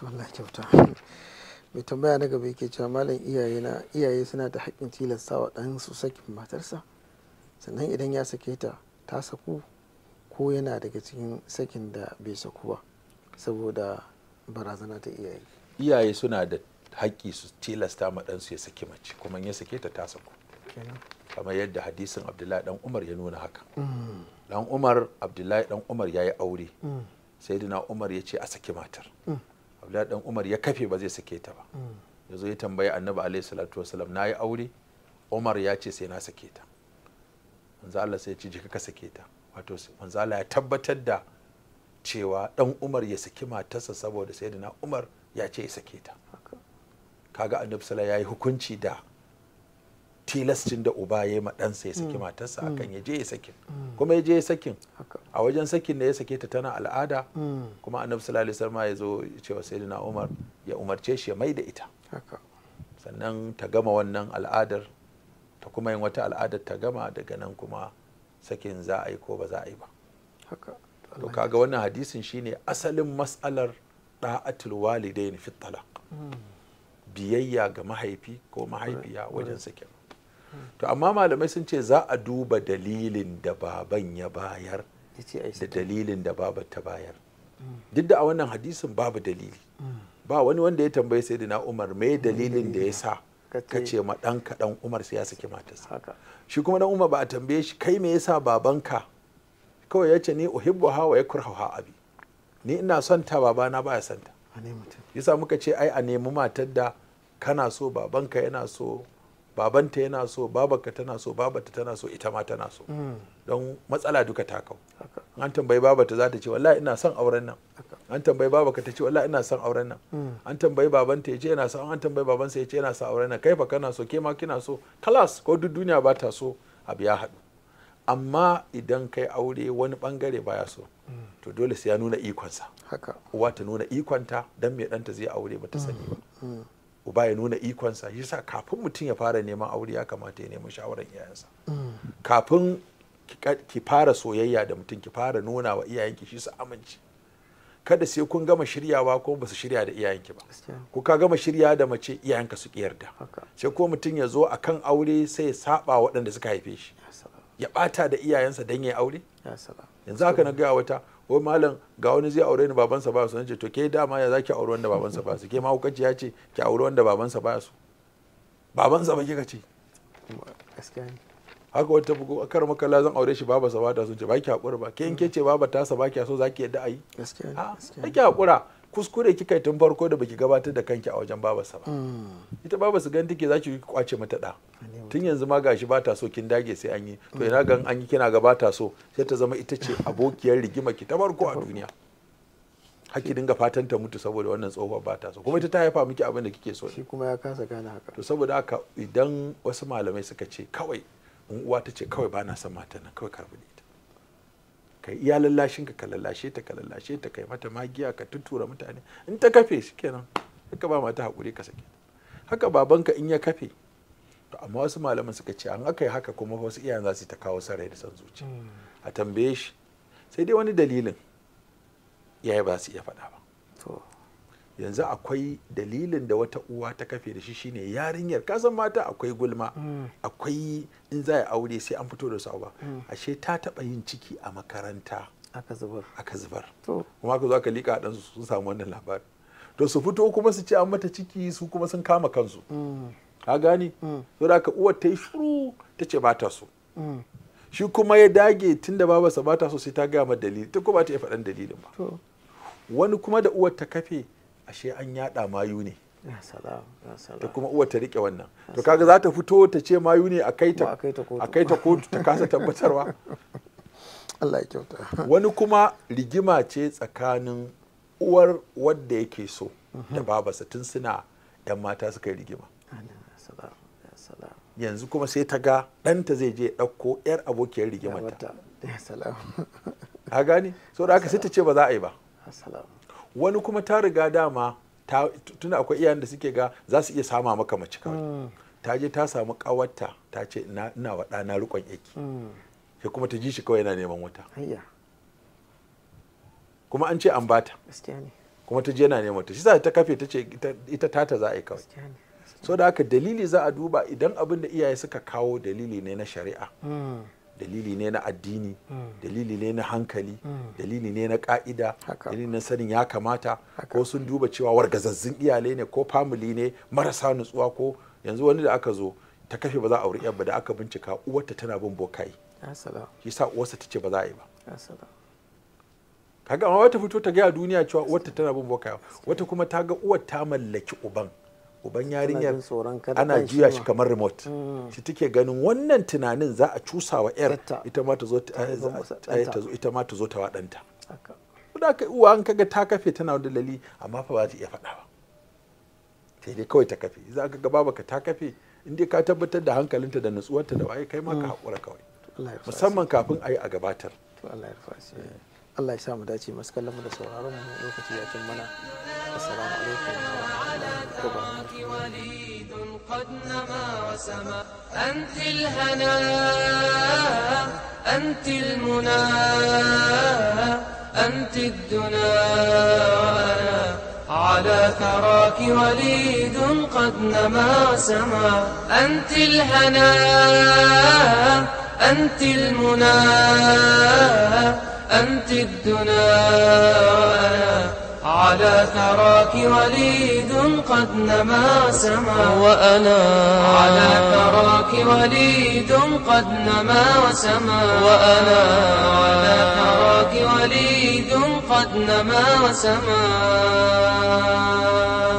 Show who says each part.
Speaker 1: to kyauta mai tambaya na gaba yake cewa malam iyaye na suna da haƙƙin tilasta wa ɗan su sakin matarsa sannan idan ya sake ta ta saku ko yana daga cikin sakin da bai saku ba saboda barazana ta iyaye iyaye suna da haƙƙi su tilasta ma ɗansu ya saki mace kuma ya sake ta ta saku kamar yadda hadisin abdullahi dan umar ya nuna haka dan mm. umar abdullahi dan umar ya yi aure mm. sai umar ya ce a saki matar mm. abdullahi dan umar ya kafe ba zai sake ta ba mm. ya zo ya tambayi annabi alaihi salatu wasalam na yi aure umar ya ce sai na sake ta manzo Allah sai ya ce ka sake ta wato manzo Allah ya tabbatar da cewa dan umar ya saki matarsa saboda sayyidina umar ya ce ya sake ta kaga annabi sallallahu ya yi hukunci da tilascin da uba ya yi ma ɗansa ya saki mm. matarsa mm. akan ya je ya sakin mm. kuma ya je ya sakin a wajen sakin da ya sake ta tana al'ada kuma annabi sallallahu alaihi wasallam ya zo cewa sayyidina Umar ya umarce shi ya mai da ita sannan ta gama wannan al'adar ta kuma yin wata al'adar ta gama daga nan kuma sakin za a yi ko ba za a yi ba to kaga wannan hadisin shine asalin mas'alar da'atul walidain fi talaq biyayya ga mahaifi ko mahaifiya wajen sakin to amma malamai sun ce za a duba dalilin da baban ya bayar da dalilin da baban ta bayar mm. duk da a wannan hadisin babu dalili mm. ba wani wanda ya tambaye sai na umar me mm. dalilin da ya sa ka ce ma ɗan kaɗan umar sai ya saki matarsa shi kuma dan umar ba a tambaye shi kai me yasa babanka kawai ya ce ni uhibbu ha wa yakrahu ha abi ni ina son ta babana ba ya son ta yasa muka ce ai a nemi matar da kana so babanka yana so babanta yana so babarka tana so babarta tana so ita ma tana so hmm. don matsala duka ta kau an tambayi babarta za ta ce wallahi ina son auren nan an tambayi babarka ta ce wallahi ina son auren nan hmm. an tambayi babanta ya ce yana son an tambayi babansa ya ce yana son auren nan kai fa kana so ke ma kina so kalas ko duk duniya ba ta so abu ya haɗu amma idan kai aure wani bangare baya so hmm. to dole sai ya nuna ikonsa uwa ta nuna ikonta don me ɗanta zai aure ba ta sani ba uba ya nuna ikonsa shi sa kafin mutum ya fara neman aure ya kamata ya nemi shawarar iyayensa kafin ki fara soyayya da mutum ki fara nuna wa iyayenki shi su amince kada sai kun gama shiryawa ko ba shirya da iyayenki ba ku ka gama shirya da mace iyayenka su yarda sai ko mutum ya zo akan aure sai ya saba waɗanda suka haife shi ya bata da iyayensa dan ya aure yanzu haka na gaya wata ko malam ga wani zai aure ni babansa ba su ce to ke dama ya zaki aure wanda babansa ba su ke ma hukunci ya ce ki aure wanda babansa ba su babansa ba kika ce haka wata bugu a kar makalla zan aure shi baba sa ba ta sun ce ba ki hakura ba ke in ke ce baba ta sa ba ki so zaki yadda ayi gaskiya ki hakura kuskure kika yi tun farko da baki gabatar da kanki a wajen babarsa ba mm. ita babarsa gan take za ki kwace mata da tun yanzu ma gashi ba ta so kin dage sai an yi to ina gan an yi kina gabata so sai ta zama ita ce abokiyar rigima ki ta farko a duniya haki dinga fatan ta mutu saboda wannan tsohuwar ba ta so kuma ita ta haifa miki abin da kike so shi kuma ya kasa gane haka to saboda haka idan wasu malamai suka ce kawai in uwa ta ce kawai ba na son mata nan kawai karbi ita kai iya lallashin ka lallashe ta ka lallashe ta kai mata magiya ka tuttura mutane in ta kafe kenan haka ba mata hakuri ka sake haka babanka in ya kafe to amma wasu malaman suka ce an aka yi haka kuma wasu iyayen za su ta kawo sarai da san zuci hmm. a tambaye shi sai dai wani dalilin iyaye ba su iya faɗa ba yanzu akwai dalilin da wata uwa ta kafe da shi shine yarinyar kasan mata akwai gulma mm. akwai in za a aure sai an fito da su ba mm. ashe ta taba yin ciki a makaranta aka zubar aka zubar kuma aka zo aka lika dan su samu wannan labarin to su fito kuma su ce an mata ciki su kuma sun kama kansu mm. ka gani. to da aka uwar ta yi shiru ta ce ba ta so shi kuma ya dage tunda babarsa ba ta so sai ta gaya ma dalili ta kuma ta iya faɗan dalilin ba wani kuma da uwar ta kafe ashe an yada mayu ne ta kuma uwa ta rike wannan to kaga za ta fito ta ce mayu ne a kai ta kotu ta kasa tabbatarwa Allah ya kyauta wani kuma rigima ce tsakanin uwar wadda yake so mhm. da babasa tun suna yan mata suka yi rigima yanzu kuma sai ta ga ɗanta zai je ɗauko 'yar abokiyar rigimanta a gani so da aka sai ta ce ba za a yi ba wani kuma ta riga dama tuna akwai iyayen da suke ga za su iya sama maka mace kawai mm. ta je ta samu kawarta ta ce ina wa ɗana rikon yaki mm. sai kuma ta ji shi kawai yana neman wata kuma an ce an bata kuma ta je yana neman wuta shi za ta kafe ta ce ita tata za a yi kawai so da haka dalili za a duba idan abin da iyaye suka kawo dalili ne na shari'a mm. dalili ne na addini hmm. dalili ne na hankali hmm. dalili ne na ka'ida dalili na sanin ya kamata ko sun duba cewa wargazazzin iyalai ne ko famili ne marasa nutsuwa ko yanzu wani da aka zo ta kafe ba za a wuri ba da aka bincika uwarta tana bin bokai yasa uwarsa ta ce ba za a yi ba kaga amma wata fito ta gaya duniya cewa uwarta tana bin bokai wata kuma ta ga uwar ta mallaki uban uban yarinyar ana juya shi kamar remote mm. shi take ganin wannan tunanin za a cusa wa yar ita ma ta zo ta waɗanta da ka uwa an kaga ta kafe tana wani dalili amma fa ba ta iya faɗa ba sai dai kawai ta kafe za ka ga ka ta kafe in ka tabbatar da hankalinta da nutsuwarta da waye kai ma ka mm. haƙura kawai musamman kafin a yi a gabatar الله يسامح داشي مسكلا من السرار ومنوكتي يا جمنا السلام عليكم وبركاته وليد قد نما وسما أنت الهنا أنت المنا أنت الدنا على ثراك وليد قد نما وسما أنت الهنا أنت المنا أنت المنا أنت الدنا وأنا على ثراك وليد قد نما سما وأنا على ثراك وليد قد نما سما وأنا على ثراك وليد قد نما سما